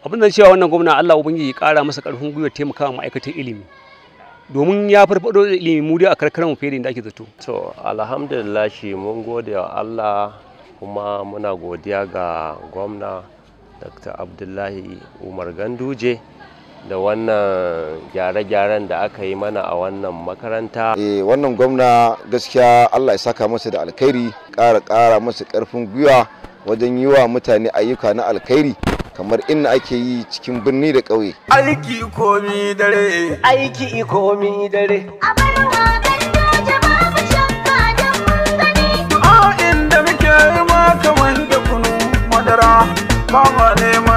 abin da cewa wannan gwamna Allah ubangiji ya kara masa karfin gwiwa taimakawa ma'aikatan ilimi domin ya farfado da ilimi mu dai a karkarar mu fere da ake zato to alhamdulillah shi mun gode wa Allah kuma muna godiya ga gwamna Dr. Abdullahi Umar Ganduje da wannan gyare-gyaren da aka yi mana a wannan makaranta. e wannan gwamna gaskiya Allah ya saka masa da alkhairi ƙara ƙara masa ƙarfin gwiwa wajen yi wa mutane ayyuka na alkhairi. kamar inna ake yi cikin birni da ƙauye. Aiki komi dare. Aiki komi dare. A inda muke ma kamar da kunu madara ba ma nema.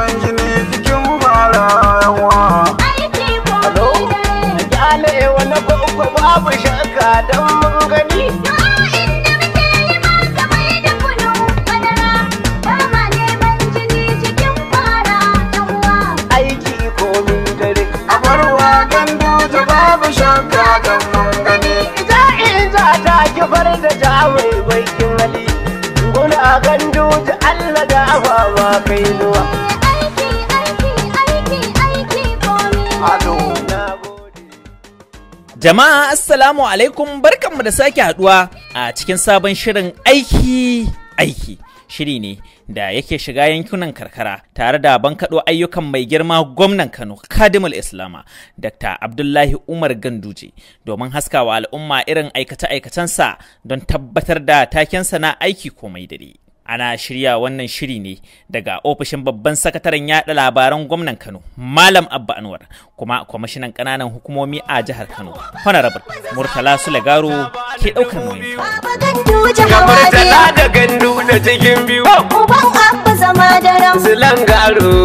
jama'a assalamu alaikum barkanmu da sake haduwa a cikin sabon shirin aiki aiki shiri ne da yake shiga yankunan karkara tare da bankaɗo ayyukan mai girma gwamnan kano kadimul islama dr abdullahi umar ganduje domin haskawa al'umma irin aikace-aikacensa don tabbatar da takensa na aiki komai dare ana shirya wannan shiri ne daga ofishin babban sakataren yada labaran gwamnan kano malam abba anwar kuma kwamishinan kananan hukumomi a jihar kano honorable murtala sulegaro ke daukar nauyin da gandu da cikin biyu uban abba zama da ram silangaro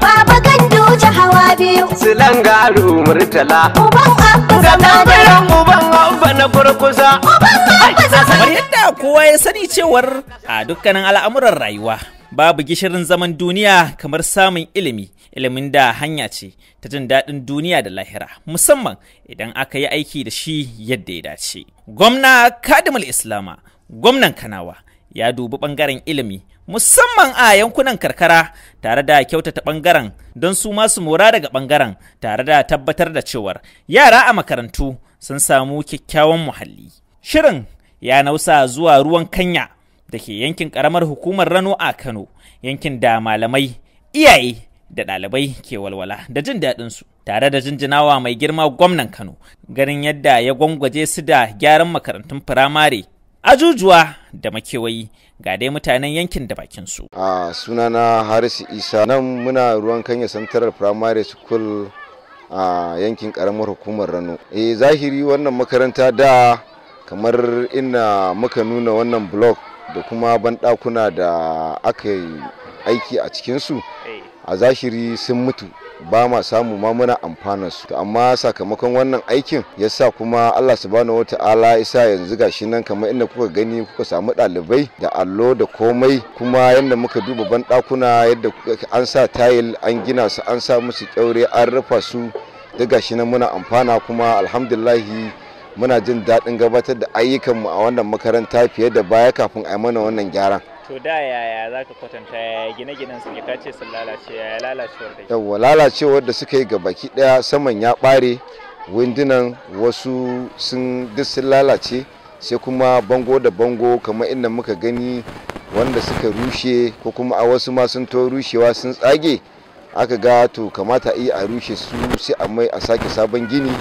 baba gandu hawa biyu Silangaru murtala uban abba zama da ram uban abba na kurkusa uban Kamar yadda kowa ya sani cewar a dukkanin al'amuran rayuwa babu gishirin zaman duniya kamar samun ilimi ilimin da hanya ce ta jin daɗin duniya da lahira musamman idan aka yi aiki da shi yadda ya dace gwamna kadimul islama gwamnan kanawa ya dubi ɓangaren ilimi musamman a yankunan karkara tare da kyautata ɓangaren don su masu mora daga ɓangaren tare da tabbatar da cewar yara a makarantu sun samu kyakkyawan muhalli shirin ya nausa zuwa ruwan kanya da ke yankin karamar hukumar rano a kano yankin da malamai iyaye da ɗalibai ke walwala da jin daɗinsu tare da jinjinawa mai girma gwamnan kano ganin yadda ya gwangwaje su da gyaran makarantun firamare ajujuwa da makewayi ga dai mutanen yankin da bakin su. a sunana haris isa nan muna ruwan kanya santarar firamare school a yankin karamar hukumar rano e zahiri wannan makaranta da kamar ina muka nuna wannan blog da kuma banɗakuna da aka yi aiki a cikinsu eh. a zashiri sun mutu ba ma samu ma muna amfanar su amma sakamakon wannan aikin ya sa kuma Allah su subhanahu wata'ala isa yanzu gashi nan kamar inda kuka gani kuka samu ɗalibai da allo da komai kuma yadda muka duba ban yadda an sa tayil an gina su an sa musu kyaure an rufa su da gashi nan muna amfana kuma alhamdulillahi muna jin daɗin gabatar da ayyukanmu a wannan makaranta fiye da baya kafin a mana wannan gyaran to da yaya za ka kwatanta yaya gine-ginen su ka ce sun lalace yaya lalacewar da yawwa lalacewar da suka yi ga baki ɗaya saman ya ɓare windunan wasu sun duk sun lalace sai kuma bango da bango kamar inda muka gani wanda suka rushe ko kuma a wasu ma sun to rushewa sun tsage aka ga to kamata a yi a rushe su sai a mai a sake sabon gini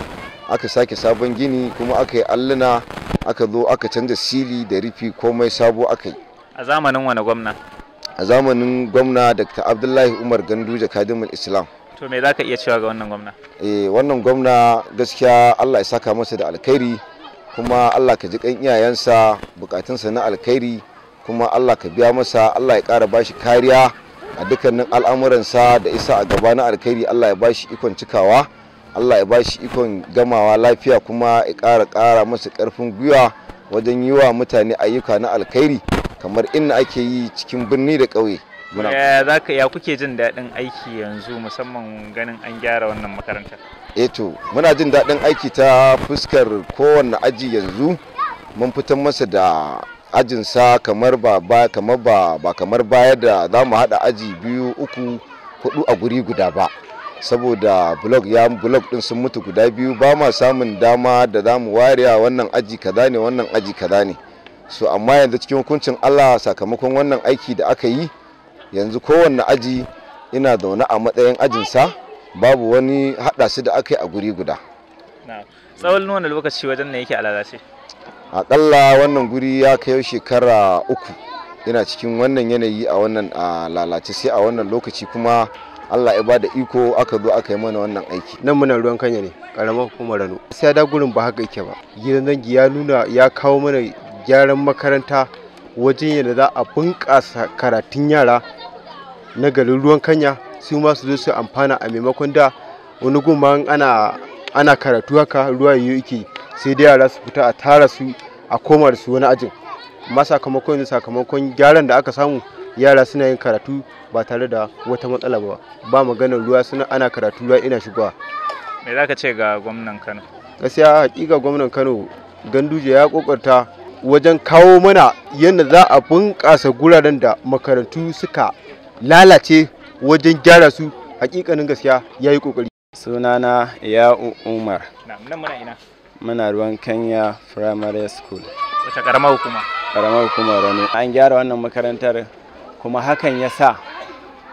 aka sake sabon gini kuma aka yi alluna aka zo aka canza sili da rufi komai sabo aka yi a zamanin wani gwamna a zamanin gwamna dr abdullahi umar ganduja kadimul islam to me ka iya cewa ga wannan gwamna eh wannan gwamna gaskiya allah ya saka masa da alkhairi kuma allah ka ji kan iyayensa bukatunsa na alkhairi kuma allah ka biya masa allah ya kara bashi kariya a dukkanin al'amuransa da isa a gaba na alkhairi allah ya bashi ikon cikawa allah ya bashi ikon gamawa lafiya kuma ya ƙara ƙara masa ƙarfin gwiwa wajen yi wa mutane ayyuka na alkhairi kamar inda ake yi cikin birni da ƙauye ya kuke jin daɗin aiki yanzu musamman ganin an gyara wannan makarantar eto eh muna jin daɗin aiki ta fuskar kowanne aji yanzu mun fitan masa da ajinsa kamar ba kamar ba kamar baya da za mu haɗa aji biyu uku hudu a guri guda ba saboda blog ya blog din sun mutu guda biyu ba ma samun dama da zamu mu ware a wannan aji kaza ne wannan aji kaza ne so amma yanzu cikin hukuncin Allah sakamakon wannan aiki da aka yi yanzu kowanne aji ina zaune a matsayin sa babu wani hada su da aka yi a guri guda tsawon wani lokaci wajen ne yake alalace aƙalla wannan guri ya kai shekara uku ina cikin wannan yanayi a wannan lalace sai a wannan lokaci kuma Allah ya bada iko aka zo aka yi mana wannan aiki nan muna ruwan kanya ne karamar kuma Rano sai da gurin ba haka yake ba gidan dangi ya nuna ya kawo mana gyaran makaranta wajen yadda za a bunƙasa karatun yara na garin ruwan kanya su ma su zo su amfana a maimakon da wani goma ana ana karatu haka ruwa yayi yake sai dai yara su fita a tara su a koma da su wani ajin amma sakamakon sakamakon gyaran da aka samu yara suna yin karatu ba tare da wata matsala ba ba maganar ruwa suna ana karatu ruwa ina shigowa me za ka ce ga gwamnan kano gaskiya hakika gwamnan kano ganduje ya kokarta wajen kawo mana yadda za a bunƙasa guraren da makarantu suka lalace wajen gyara su hakikanin gaskiya ya yi kokari sunana ya umar muna ruwan kenya primary school wacce karamar hukuma karamar hukuma rano an gyara wannan makarantar kuma hakan ya sa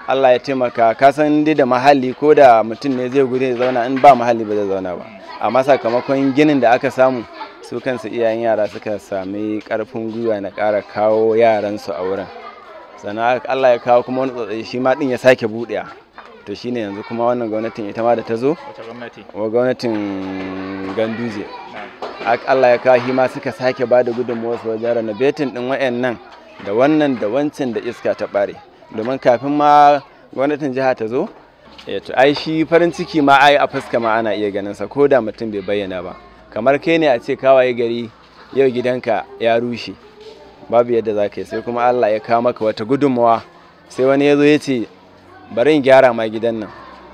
Allah ya taimaka ka san dai da mahalli ko da mutum ne zai gudu zauna in ba mahalli ba zai zauna ba amma sakamakon ginin da aka samu su kansu iyayen yara suka sami karfin gwiwa na ƙara kawo yaransu a wurin sannan Allah ya kawo kuma wani tsotsayi shi ma din ya sake buɗe to shine yanzu kuma wannan gwamnatin ita ma da ta zo wa gwamnatin ganduje Allah ya kawo shi ma suka sake ba da gudunmuwarsu wajen rana betin din nan. da wannan da wancan da iska ta bare domin kafin ma gwamnatin jiha ta zo eh to ai shi farin ciki ma ai a fuska ma ana iya ganin sa ko da mutum bai bayyana ba kamar kai ne a ce kawaye gari yau gidanka ya rushe babu yadda za ka yi sai kuma Allah ya kawo maka wata gudunmawa sai wani ya zo ya ce bari in gyara ma gidan nan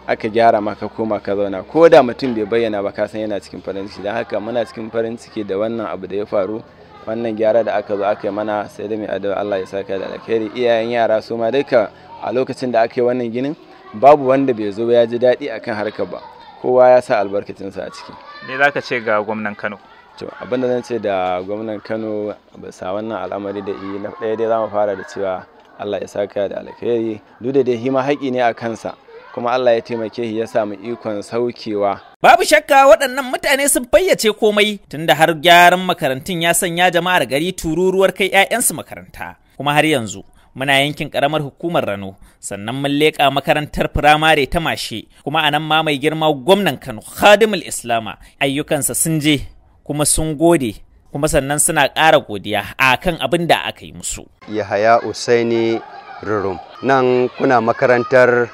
aka gyara maka koma ka zauna ko da mutum bai bayyana ba ka san yana cikin farin ciki don haka muna cikin farin ciki da wannan abu da ya faru wannan gyara da aka zo aka yi mana sai da mai addu'a Allah ya saka da alkhairi iyayen yara su ma duka a lokacin da aka yi wannan ginin babu wanda bai zo ya ji daɗi akan harkar ba kowa ya sa sa a ciki me za ce ga gwamnan Kano to abin da zan ce da gwamnan Kano ba sa wannan al'amari da yi na ɗaya dai zamu fara da cewa Allah ya saka da alkhairi duk da dai hima haƙi ne a kansa kuma Allah ya taimake shi ya samu ikon saukewa. Babu shakka waɗannan mutane sun fayyace komai tunda har gyaran makarantun ya sanya jama'ar gari tururuwar kai 'ya'yansu makaranta kuma har yanzu. Muna yankin ƙaramar hukumar Rano, sannan mun leƙa makarantar firamare ta mashe, kuma a nan ma mai girma gwamnan Kano, Khadimul Islama, ayyukansa sun je, kuma sun gode, kuma sannan suna ƙara godiya a kan abin da aka yi musu. Yahaya Usaini Rurum, nan kuna makarantar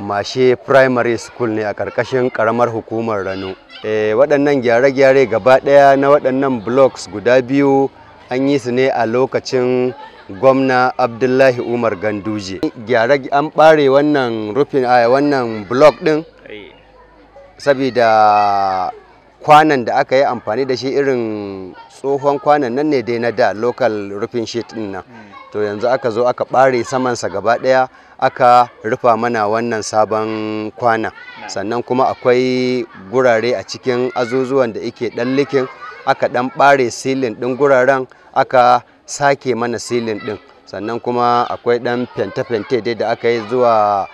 mashe primary school ne a ƙarƙashin ƙaramar hukumar rano e, waɗannan gyare-gyare gaba ɗaya na waɗannan blocks guda biyu an yi su ne a lokacin gwamna abdullahi umar ganduje gyare an ɓare wannan rufin a wannan block ɗin saboda kwanan da aka yi amfani da shi irin tsohon kwanan nan ne dai na da local rufin sheet ɗin nan hmm. to yanzu aka zo aka ɓare samansa gaba ɗaya aka rufa mana wannan sabon kwana sannan kuma akwai gurare a cikin azuzuwan da ike dan likin aka dan ɓare silin ɗin guraren aka sake mana silin ɗin sannan kuma akwai dan fente-fente dai da aka yi zuwa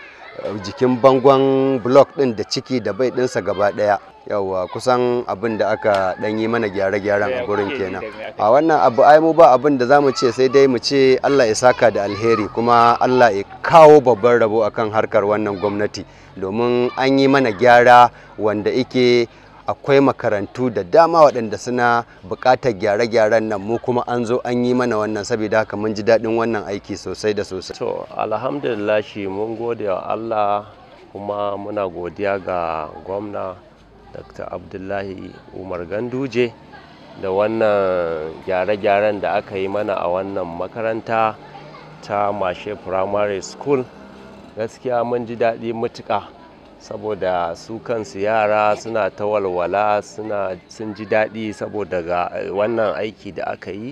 jikin bangon block din da ciki da bai dinsa gaba daya yawa kusan abin da aka dan yi mana gyare-gyaren a gurin kenan a wannan abu ai mu ba abin da zamu ce sai dai mu ce Allah ya saka da alheri kuma Allah ya kawo babban rabo akan harkar wannan gwamnati domin an yi mana gyara wanda ike akwai makarantu da dama waɗanda suna buƙatar gyare-gyaren nan mu kuma an zo an yi mana wannan saboda haka mun ji daɗin wannan aiki sosai da sosai. To alhamdulillah shi mun gode wa Allah kuma muna godiya ga gwamna Dr. Abdullahi Umar Ganduje da wannan gyare-gyaren da aka yi mana a wannan makaranta ta Mashe Primary School gaskiya mun ji daɗi matuƙa. saboda su kansu yara suna ta walwala suna sun ji daɗi saboda ga eh, wannan aiki da aka yi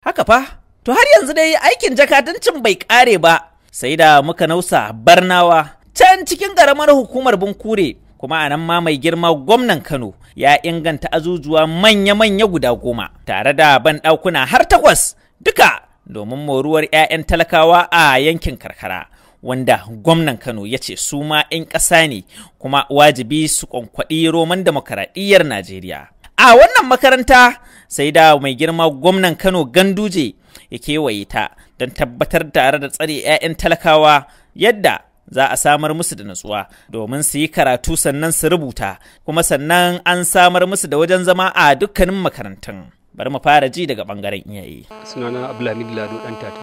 haka fa to har yanzu dai aikin jakadancin bai ƙare ba sai da muka nausa barnawa can cikin ƙaramar hukumar bunkure kuma a nan ma mai girma gwamnan Kano ya inganta azuzuwa manya-manya guda goma tare da ban ɗaukuna har takwas duka domin moruwar 'ya'yan talakawa a yankin karkara. wanda gwamnan Kano ya ce su ma 'yan ƙasa ne kuma wajibi su kwankwaɗi roman demokaraɗiyyar Najeriya. A wannan makaranta sai da mai girma gwamnan Kano Ganduje ya kewaye ta don tabbatar tare da tsare 'ya'yan talakawa yadda za a samar musu da natsuwa domin su yi karatu sannan su rubuta kuma sannan an samar musu da wajen zama a dukkanin makarantun. Bari mu fara ji daga bangaren iyaye. Sunana Abdulhamid Lado ɗan tata.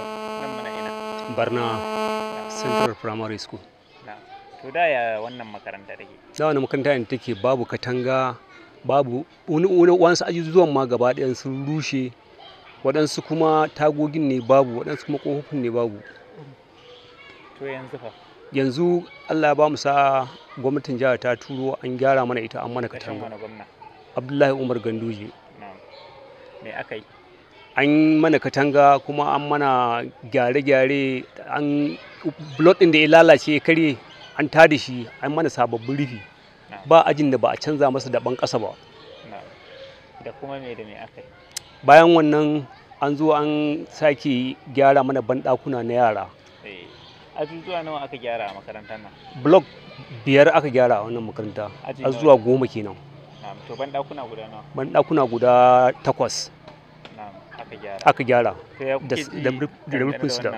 Barna central primary school to da ya wannan makaranta take da wannan makaranta ne take babu katanga babu aji ajujuwan ma gaba ɗayan sun rushe waɗansu kuma tagogin ne babu waɗansu kuma ƙofofin ne babu to yanzu fa yanzu allah ba mu sa gwamnatin jihar ta turo an gyara mana ita an mana katanga abdullahi umar ganduje me akai an mana katanga kuma an mana gyare-gyare an blood din da ya lalace ya karye an tada shi an mana sababbin rufi ba ajin da ba a canza masa daban ƙasa ba da kuma me da me aka yi bayan wannan an zo an sake gyara mana banɗakuna na yara zuwa eh, nawa aka gyara a makarantar nan blok biyar aka gyara a wannan makaranta zuwa goma kenan to banɗakuna guda nawa banɗakuna guda takwas aka gyara da rufin su da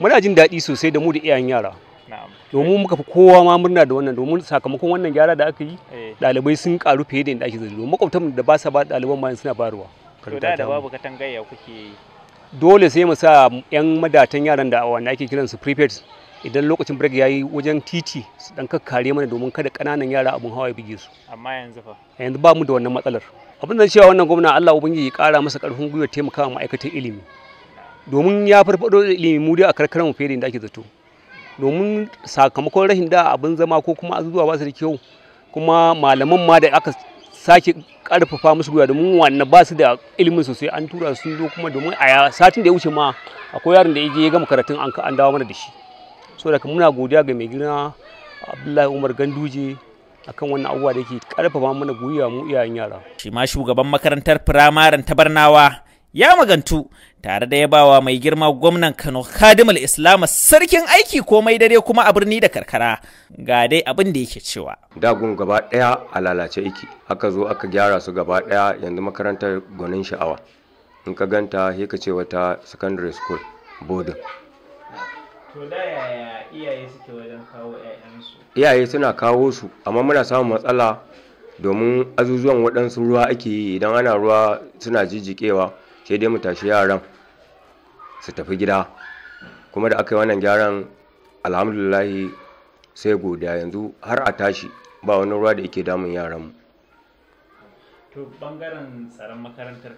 muna jin daɗi sosai da mu da iyayen yara domin muka fi kowa ma murna da wannan domin sakamakon wannan gyara da aka yi eh. ɗalibai sun karu fiye da inda ake zai domin makwabta da ba sa ba ɗaliban ma suna faruwa. to da babu kuke dole sai mu sa yan madatan yaran da wanda ake kiran su prefect idan lokacin break yayi wajen titi su dan kakkare mana domin kada kananan yara abun hawa ya buge su amma yanzu fa yanzu ba mu da wannan matsalar abin da cewa wannan gwamna Allah ubangiji ya kara masa karfin gwiwa taimakawa ma'aikatan ilimi domin ya farfado da ilimi mu dai a karkaran mu fiye da ake zato domin sakamakon rashin da abin zama ko kuma azuzuwa ba su da kyau kuma malaman ma da aka sake karfafa musu gwiwa domin wanne ba su da ilimin sosai an tura sun zo kuma domin a satin da ya wuce ma akwai yaron da ya ya gama karatun an dawo mana da shi so daga muna godiya ga mai gina abdullahi umar ganduje akan wannan abubuwa da ke karfafa mana gwiwa mu iyayen yara shi ma shugaban makarantar firamaren ta barnawa ya magantu tare da yabawa mai girma gwamnan Kano Kadimul Islam sarkin aiki komai dare kuma a birni da karkara ga dai abin da yake cewa da gun gaba ɗaya a lalace yake aka zo aka gyara su gaba daya yanzu makarantar gwanin sha'awa in ka ganta sai ka ce wata secondary school boarding iyaye suna kawo su amma muna samun matsala domin azuzuwan waɗansu ruwa ake yi idan ana ruwa suna jijjiƙewa sai dai mu tashi yaran su tafi gida kuma da aka yi wannan gyaran alhamdulillahi sai godiya yanzu har a tashi ba wani ruwa da yake damun yaranmu to bangaren makarantar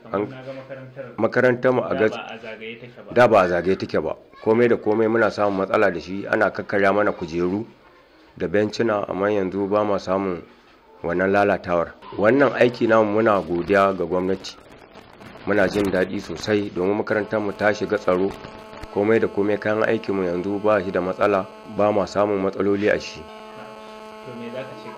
mu a ga da ba a zagaye take ba komai da komai muna samun matsala da shi ana kakkarya mana kujeru da bencina amma yanzu ba ma samun wannan lalatawar wannan aiki namu muna godiya ga gwamnati muna jin daɗi sosai domin makarantar mu ta shiga tsaro komai da komai kayan aikinmu yanzu ba shi da matsala ba ma samun matsaloli a shi to me za ce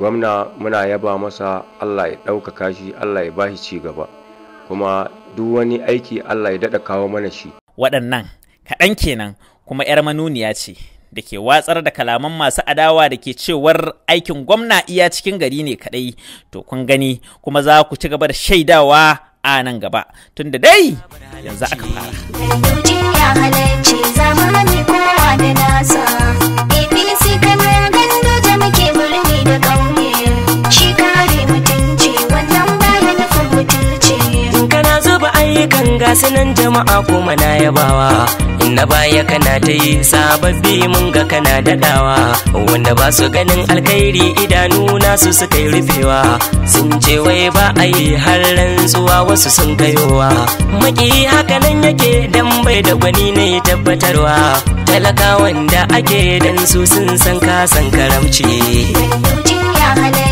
gwamna muna yaba masa allah ya ɗaukaka shi allah ya bashi ci gaba kuma duk wani aiki allah ya daɗa kawo mana shi waɗannan kaɗan kenan kuma 'yar manuniya ce da ke watsar da kalaman masu adawa da ke cewar aikin gwamna iya cikin gari ne kaɗai to kun gani kuma za ku ci gaba da shaidawa a nan gaba tunda dai yanzu aka fara. ayyukan gasu nan jama'a kuma na yabawa na baya kana ta yi sababbi mun ga kana dadawa wanda ba su ganin alkhairi idanu nasu suka yi rufewa sun ce wai ba a yi har rantsuwa wasu sun kayowa maki haka nan yake dan bai da gwani ne tabbatarwa talaka wanda ake dan su sun san kasan karamci ya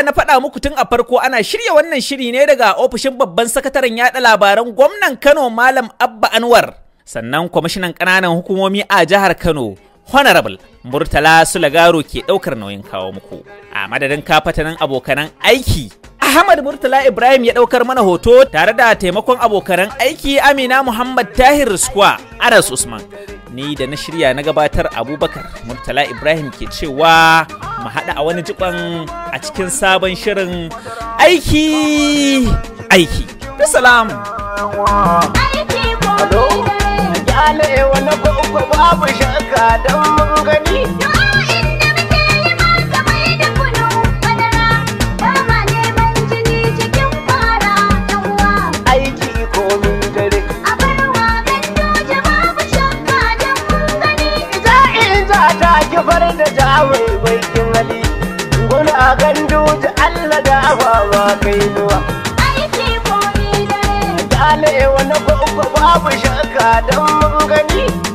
yadda na faɗa muku tun a farko ana shirya wannan shiri ne daga ofishin babban sakataren yaɗa labaran gwamnan Kano Malam Abba Anwar. Sannan kwamishinan ƙananan hukumomi a jihar Kano Honorable Murtala Sulagaro ke ɗaukar nauyin kawo muku. A madadin kafatanin abokanan aiki Ahmad Murtala Ibrahim ya ɗaukar mana hoto tare da taimakon abokanan aiki Amina Muhammad Tahir Skwa Aras Usman. ni da na shirya na gabatar abubakar murtala ibrahim ke cewa mu haɗa a wani jiban a cikin sabon shirin aiki aiki bisalam aiki babu shakka don mun gani